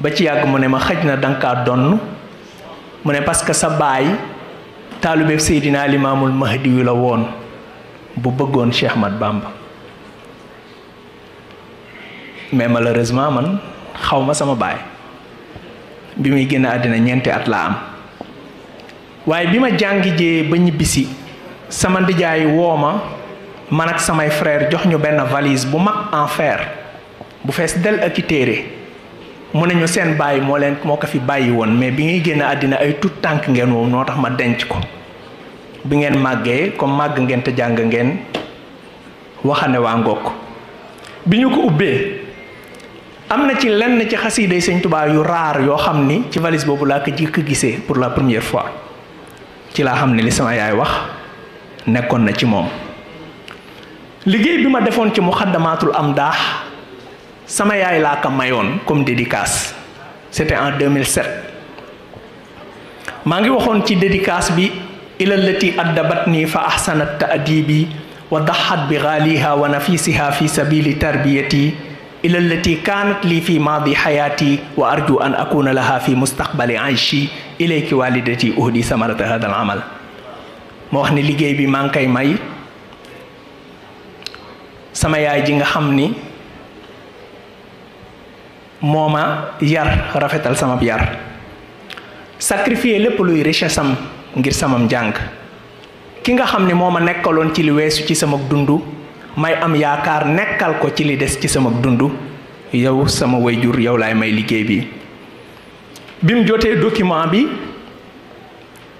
ba ci yag mu ne ma xajna na danga mu ne parce que sa sayyidina al imam al Mahdi wi la won bu bëggoon Cheikh Ahmad Bamba mais malheureusement man xawma sama bay bi muy génn adina ñenté at la am waye bima jangi je ba ñibisi sama ndijaay woo man ak samay frère jox ñu ben valise bu mak en fer bu fess del ak téré mu ne ñu seen bay mo len mo ka fi bayyi won mais bi ngay génn adina ay tout tank ngeen wo ma denc ko bi ngeen magge comme mag ngeen te jang ngeen waxane wa ngok biñu ko ubbe am na ci lenn ci xasiiday sëñ tubaab yu raar yoo xam ni ci valise boobu laa ko jëkk gisee pour la première fois ci laa xam ne li sama yaay wax nekkoon na ci moom liggéey bi ma defoon ci muxaddamaatul am daax sama yaay laa ko mayoon comme dédicace c'était en 2007 maa ngi waxoon ci dédicace bi ilallati addabat nii fa ahsanat taadibi wa daxat bi xaaliha wa nafisiha fi sabili tarbiyati إلى التي كانت لي في ماضي حياتي وأرجو أن أكون لها في مستقبل عيشي إليك والدتي أهدي ثمرة هذا العمل ما وخني ليغي بي مانكاي ماي sama yaay ji nga xamni moma yar rafetal sama yar sacrifier lepp luy richesse am ngir samam jang ki nga xamni moma nekkalon ci li wessu ci sama dundu may am yaakaar nekkal ko ci li des ci sama dund yow sama wayjur yow laay may liggéey bi bi mu jotee document bi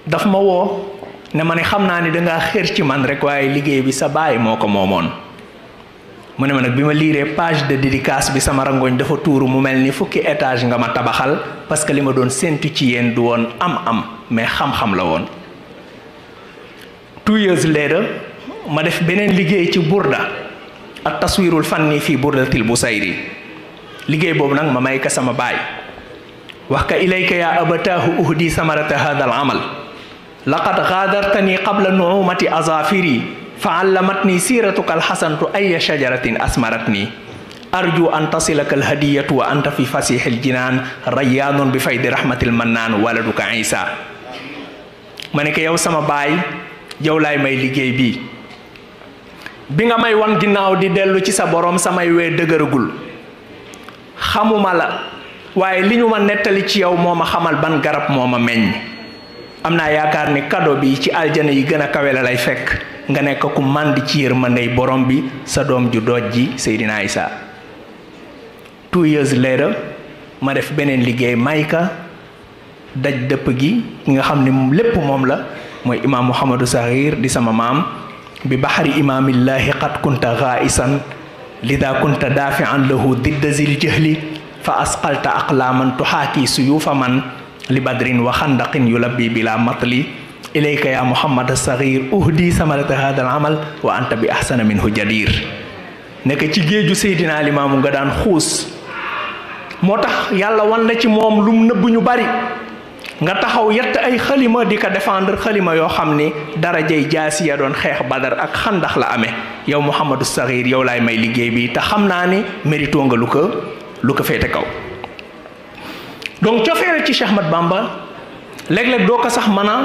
daf ma woo ne ma ne xam naa ni danga xër ci man rek waaye liggéey bi sa baay moo ko moomoon mu ne ma nag bi ma liiree page de dédicace bi sama rangoñ dafa tuuru mu mel ni fukki étage nga ma tabaxal parce que li ma doon séentu ci yéen du woon am am mais xam-xam la woon ma def benen liggéey ci burda at taswirul fanni fi burdatil busairi liggéey boobu nak ma may ka sama bay wax ka ilayka ya abatahu uhdi samarata hadha al amal laqad ghadartani qabla nuumati azafiri فعلمتني سيرتك الحسنة أي شجرة أثمرتني أرجو أن تصلك الهدية وأنت في فسيح الجنان ريان بفيض رحمة المنان ولدك عيسى منك يوسم باي يولاي مي ليجي بي bi nga may wan ginnaw di delu ci sa borom may wee degeerugul xamuma la waye liñu ma netali ci yow moma xamal ban garab moma ma amna yaakar ni cadeau bi ci aljana yi gëna a la lay fekk nga nek ku mand ci yërmandey borom bi sa dom ju dojji ji isa two years later ma def benen liggéey mayka daj depp gi nga xamni lepp mom la moy imam muhammadu sahir di sama mam. ببحر إمام الله قد كنت غائسا لذا كنت دافعا له ضد ذي الجهل فأسقلت أقلاما تحاكي سيوف من لبدر وخندق يلبي بلا مطل إليك يا محمد الصغير أهدي ثمرة هذا العمل وأنت بأحسن منه جدير nekk ci سيدنا الإمام limaamu nga daan يالا moo tax yàlla wan na ci nga taxaw yett ay xalima di ko défendre xalima yo xamni dara jey jasi ya don xex badar ak xandax la amé yow muhammadu saxiir yow lay may liggéey bi ta xamna ni mérito nga lu ko fété kaw donc cofeere ci cheikh mat bamba leg leg doo ko sax mana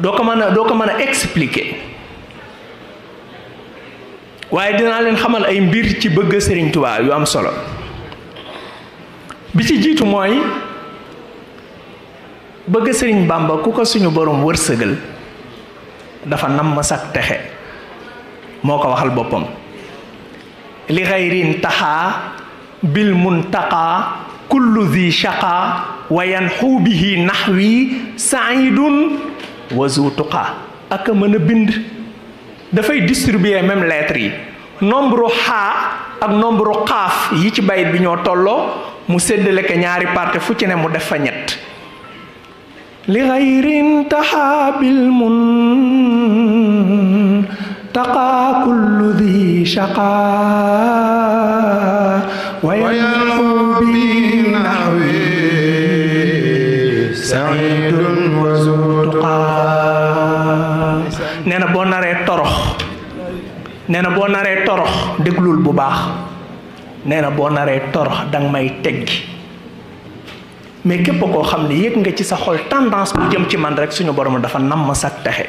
a doo ko mana a ko mën expliquer waye dina len xamal ay mbir ci bëgg serigne touba yu am solo bi ci jitu moy bëgg sëriñ bàmba ku ko suñu borom wërsëgal dafa nam ma sag texe moo ko waxal boppam li taxa taxaa bil muntaqa kullu zi shaqa wa yanxu bihi naxwi saidun wa zu tuqa ak a mën bind dafay distribuer même lettres yi nombre xaa ak nombre xaaf yi ci bayit bi ñoo tolloo mu séddale lekk ñaari parte fu ci ne mu def fa ñett لغير انتحى بالمن تقى كل ذي شقاء وينحو به نحوي سعيد وزو تقى نانا بو ناري تروخ nee na boo naree torox déglul bu baax nee na boo naree torox danga may teggi mais képp koo xam ne yëg nga ci sa xol tendance bu jëm ci man rek suñu borom dafa nam ma sag texe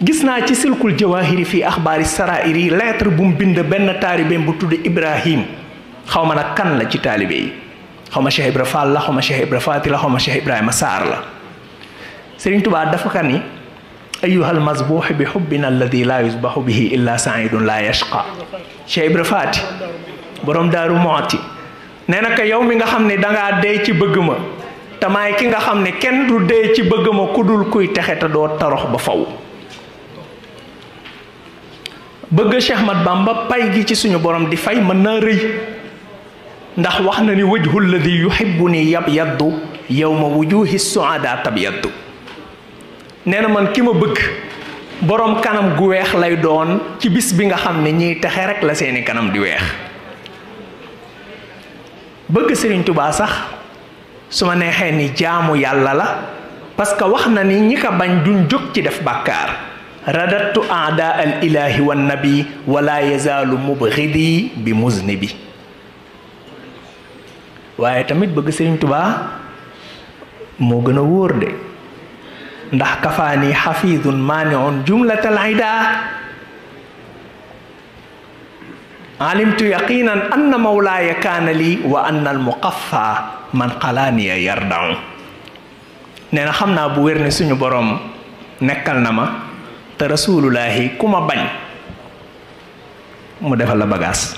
gis naa ci silkul jawahiri fii axbaari sarairi lettre bu mu bind benn taalibeem bu tudd Ibrahim xaw ma nag kan la ci taalibe yi xaw ma Cheikh Ibra Fall la xaw ma Ibra Faati la xaw ma Cheikh Ibrahima Saar la Sëriñ Tubaa dafa ka ni ayuhal masbuux bi xubbina la laa yusbaxu bihi illa saidun laa yashqa Cheikh Ibra Faati borom daaru mooti nee na ko yow mi nga xam ne danga dee ci bëgg ma te ki nga xam ne kenn du dee ci bëgg ma ku dul kuy texe te doo torox ba faw bëgg Cheikh Ahmad Bamba pay gi ci suñu borom di fay mën naa rëy ndax wax na ni wajhu lladi yuhibbu ni yab yaddu yawma wujuhi suada tab yaddu nee na man ki ma bëgg borom kanam gu weex lay doon ci bis bi nga xam ne ñiy texe rek la seeni kanam di weex bëgg sëriñ tubaa sax su ma neexee ni jaamu yàlla la parce que wax na ni ñi ko bañ duñ jóg ci def bàkkaar radattu aada al ilahi wa nabi wala bi waaye tamit bëgg sëriñ tubaa moo gën a wóor de ndax kafaani xafiidun maaniun jumlatal ida alimtu yaqinan anna mawlaaya kaana lii wa anna almuqaffa man qalaaniya yardan nee na xam naa bu wér ne suñu boroom nekkal na ma te rasulullahi ku ma bañ mu defal la bagaas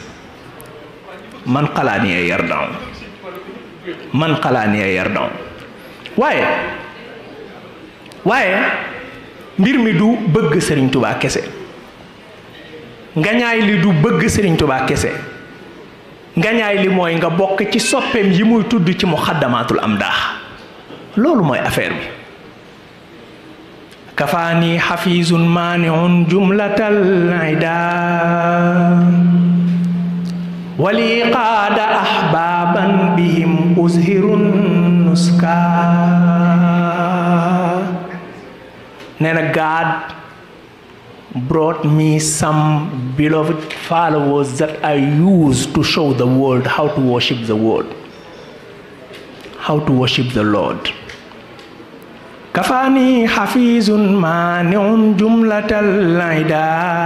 man qalaaniya yardan man qalaaniya yardan waaye waaye mbir mi du bëgg Sëriñ Tubaa kese ngañaay li du bëgg serigne touba kessé ngañaay li moy nga bok ci soppeem yi muy tuddu ci mu amdah lolu moy affaire bi kafani hafizun mani'un jumlatal aida wali qaada bihim uzhirun nuska nena gad brought me some beloved followers that I use to show the world how to worship the world, how to worship the Lord. كفاني حفيظ مانع جملة العدا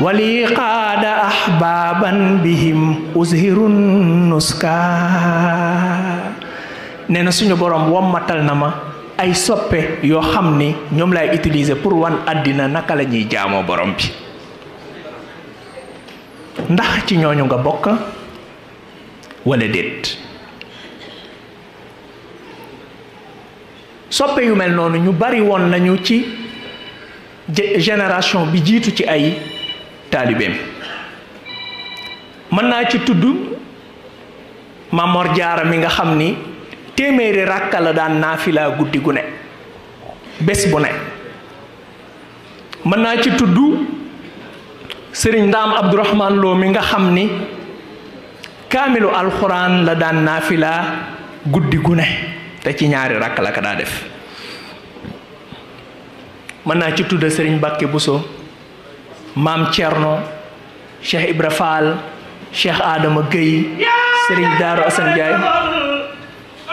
ولي قاد أحبابا بهم أزهر النسكا nee na suñu borom wommatal na ma ay soppe yoo xam ni ñoom lay utilise pour wan àddina naka la ñuy jaamoo borom bi ndax ci ñooñu nga bokk wala déet soppe yu mel noonu ñu bari woon nañu ci génération bi jiitu ci ay taalibeem mën naa ci tudd Mamor Jaara mi nga xam ni téeméeri ràkka la daan naafila guddi gu bés bu ne mën naa ci tudd sëriñ ndaam abdourahman loo mi nga xam ni kaamilu alxuraan la daan naafila guddi gu ne te ci ñaari ràkk la ka daa def mën naa ci tudd sëriñ Bakke Buso maam Cerno Cheikh Ibra Fall Cheikh aadama Gueye sëriñ Daaru Asan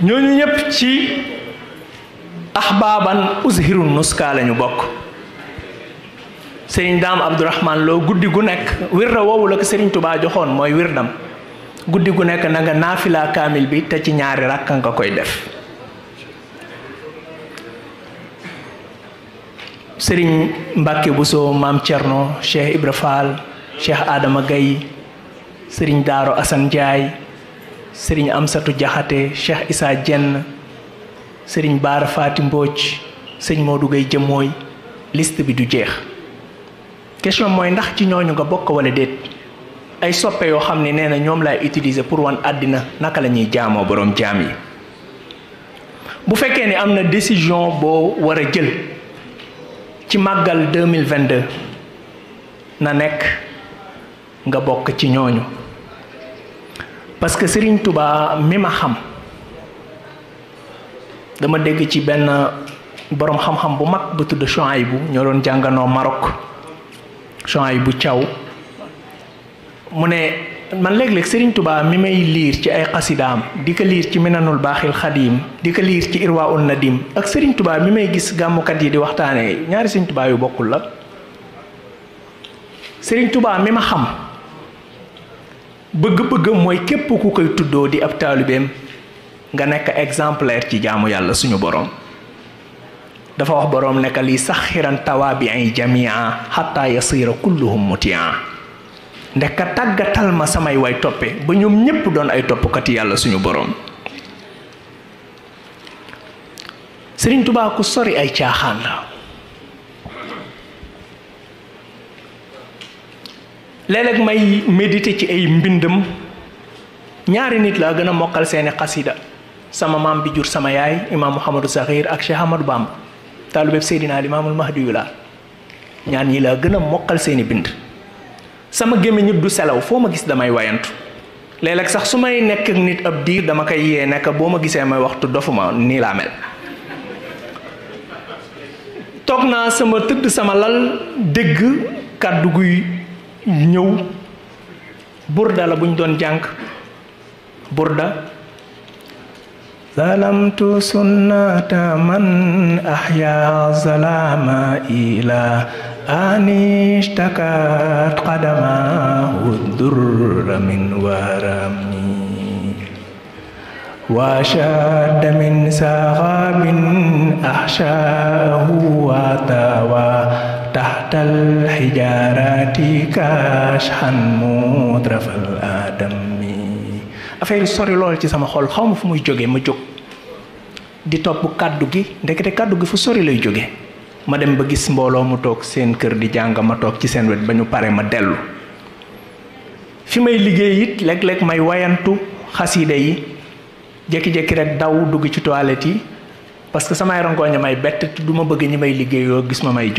ñooñu ñëpp ci ahbaaban uzhiru nuska la ñu bokk sëriñ daam abdourahman loo guddi gu nekk wirda woowu la ko sëriñ tubaa joxoon mooy wirdam guddi gu nekk nanga nga naafila kaamil bi te ci ñaari rakk nga koy def sëriñ mbàkke buso maam cerno cheikh ibra fall cheikh adama gaye sëriñ daaro asan njaay sëriñ Amsatu Jaxate Cheikh Issa Dieng sëriñ Baara Faati Mbóoj sëñ Modou Gueye jëmmooy liste bi du jeex question mooy ndax ci ñooñu nga bokk wala déet ay soppe yoo xam ne nee na ñoom lay utiliser pour wan àddina naka la ñuy jaamoo boroom jaam yi bu fekkee ni am na décision boo war a jël ci màggal 2022 na nekk nga bokk ci ñooñu parce que tubaa Touba mi ma xam dama dégg ci benn boroom xam-xam bu mag bu tudd Chouaïbou ñoo doon jànganoo marok yi bu caw mu ne man léeg-léeg Serigne Touba mi may liir ci ay xasidaam di ko liir ci Minanul Baaxil Xadiim di ko liir ci Irwaul Nadim ak Serigne tubaa mi may gis gàmmukat yi di waxtaanee ñaari Serigne Touba yu bokkul la Serigne Touba mi ma xam. bëgg-bëggam moy képp ku koy tuddo di ab talibem nga nek exemplaire ci jaamu yalla suñu borom dafa wax borom nek li saxiran tawabi'i jamia hatta yasira kulluhum mutia ndeka tagatal ma samay way topé ba ñum ñepp doon ay kat yalla suñu borom serigne touba ku sori ay tiaxan la Lelek, may méditer ci ay mbindum ñaari nit la gëna mokal seeni qasida sama Mam bi jur sama yaay imam Muhammad zahir ak cheikh ahmad bamba talibé sayidina al imam al Mahdi ñaar ñaan yi la gëna mokal seeni bind sama ñu du selaw fo ma gis damay wayantu Lelek, sax sumay may ak nit ab diir dama kay yé nek bo ma gisé may waxtu dofuma ni la mel toog sama tudd sama lal deug kaddu guy ñew burda la buñ doon jank burda Zalam tu sunnata man ahya zalama ila anishtakat qadama hudurra min warami wa shadd min sahabin ahshahu wa tawa تحت الحجارات كاشحا مطرف الآدم travel sori lool ci sama xol xawma fu muy jóge mu jóg di topp kàddu gi ndekete kàddu gi fu sori lay jóge ma dem ba gis mbooloo mu toog seen kër di jàng ma toog ci wet pare ma dellu fi may liggéey it léeg-léeg may wayantu xasida yi jekki-jekki rek daw dugg ci toilette yi parce que samay rangooña may bett du ma bëgg ñi may gis ma may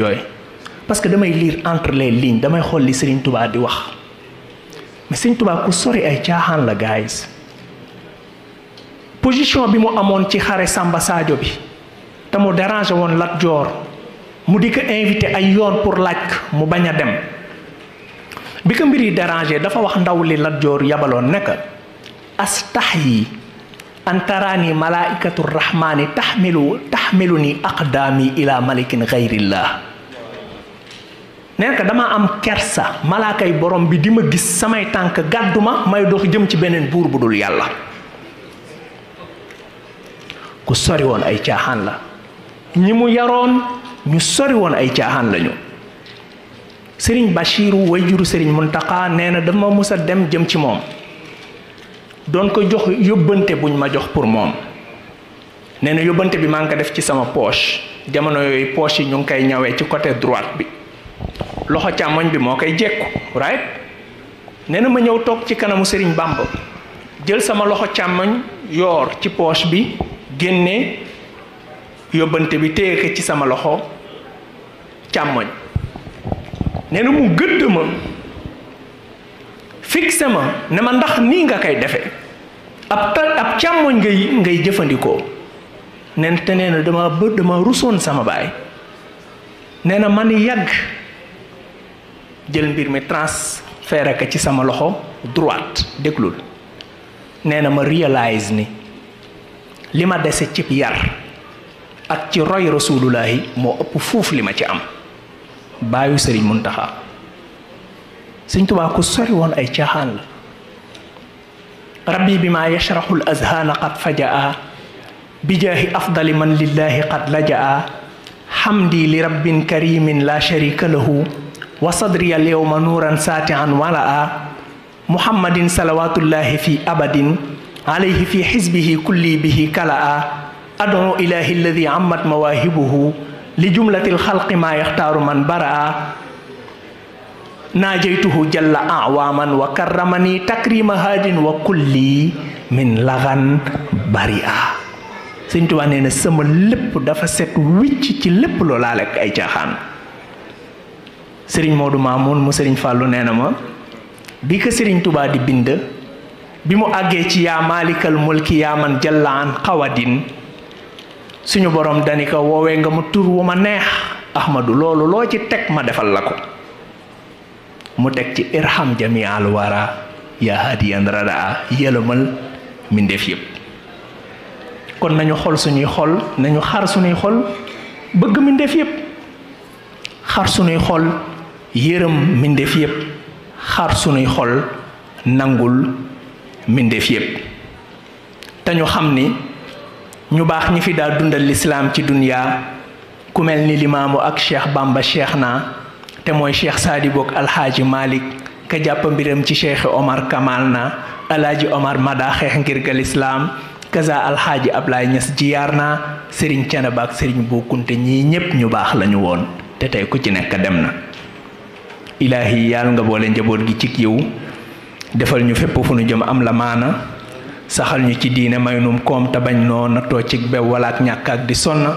parce que damay lire entre les lignes damay xol li Serigne Touba di wax mais Serigne Touba ku sori ay caaxaan la guys position bi mo amone ci xare Samba Sadio bi ta mo déranger won Lat jor mu di ko inviter ay yor pour laaj mu baña a dem bi ko mbiri déranger dafa wax ndaw li Lat jor yabalon nek astaxyi antarani malaikatur rahmani tahmilu tahmiluni aqdami ila malikin nee ko dama am kersa malaakay borom bi di ma gis samay tànk gàddu ma may dox jëm ci beneen buur bu dul yàlla ku sori woon ay caaxaan la ñi mu yaroon ñu sori woon ay caaxaan lañu sëriñ Bachiru wayjuru sëriñ Muntaqa nee na dama musa dem jëm ci moom doon ko jox yóbbante buñ ma jox pour moom nee na yóbbante bi maa ngi ko def ci sama poche jamono yooyu poche yi ñu ngi koy ñawee ci côté droite bi loxo càmmoñ bi mo kay jekku right nee ma ñew tok ci kanamu serigne bamba jël sama loxo càmmoñ yor ci poche bi genné yobante bi téye ko ci sama loxo càmmoñ nee mu gëdd ma fixé ma ne ma ndax ni nga kay defe ab ta ab càmmoñ ngay ngay jëfëndiko nen tenena dama dama sama bay. nee man yag jël mbir mi transféré ci sama loxo droite déglul nee na ma réalise ni li ma dese ci yar ak ci roy rasulullahi moo ëpp foofu li ma ci am baayu sëriñ Muntaxa sëñ Tuubaa ku sori woon ay caaxaan la rabbi bi maa yashraxul azhaana qad fajaa bijaahi afdali man lillahi qad lajaa xamdi li rabbin karimin la sharika lahu wa sadri al yawma nuuran saatian walaa muhammadin salawatullahi fi abadin alayhi fi xisbihi kulli bihi kalaa ad'u ilahi alladi ammat mawaahibuhu li jumlati alxalqi maa yaxtaaru man baraa naajaytuhu jalla awaaman wa karramani takrima haadin wa kulli min lagan baria sëñ Tuubaa nee na sama lépp dafa set wicc ci lépp loolaale ak ay caaxaan sëriñ Modou Mamoun mu sëriñ Fallou nee na ma bi ko sëriñ tubaa di bind bi mu àggee ci yaa maalikal mulki yaa man jalla xawadin suñu boroom dani ko woowee nga ma tur wu ma neex ahmadu loolu loo ci teg ma defal la ko mu teg ci irham jami al wara yaa hadiyan radaa yëlëmal mbindeef yépp kon nañu xol suñuy xol nañu xar suñuy xol bëgg mbindeef yépp xar suñuy xol yërëm mbindeef yépp xar sunuy xol nangul mbindeef yépp te ñu xam ni ñu baax ñi fi daa dundal lislaam ci duniya ku mel ni limaamu ak cheikh bàmba cheikh na te mooy cheikh saadi boog alxaaji malik ka jàpp mbiram ci cheikh omar kamal na alaaji omar mada xeex ngir ga lislaam kaza alxaaji ablaay ñas jiyaar na sëriñ canaba sëriñ bu kunte ñii ñépp ñu baax lañu woon te tey ku ci nekk dem na ilaahi yàlla nga boole njaboot gi cig yiw defal ñu fépp fu nu jëm am la maana saxal ñu ci diine may num koom te bañ noo nattoo cig bew wala ñàkk ak di sonn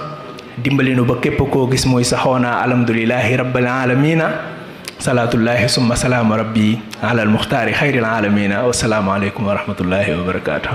dimbali nu ba képp koo gis muy saxoona alhamdulilahi rabbil alamina salaatullahi summa salaama rabbi alal muxtaari xayril alamina wasalaamualeykum wa rahmatullahi wa barakaatu.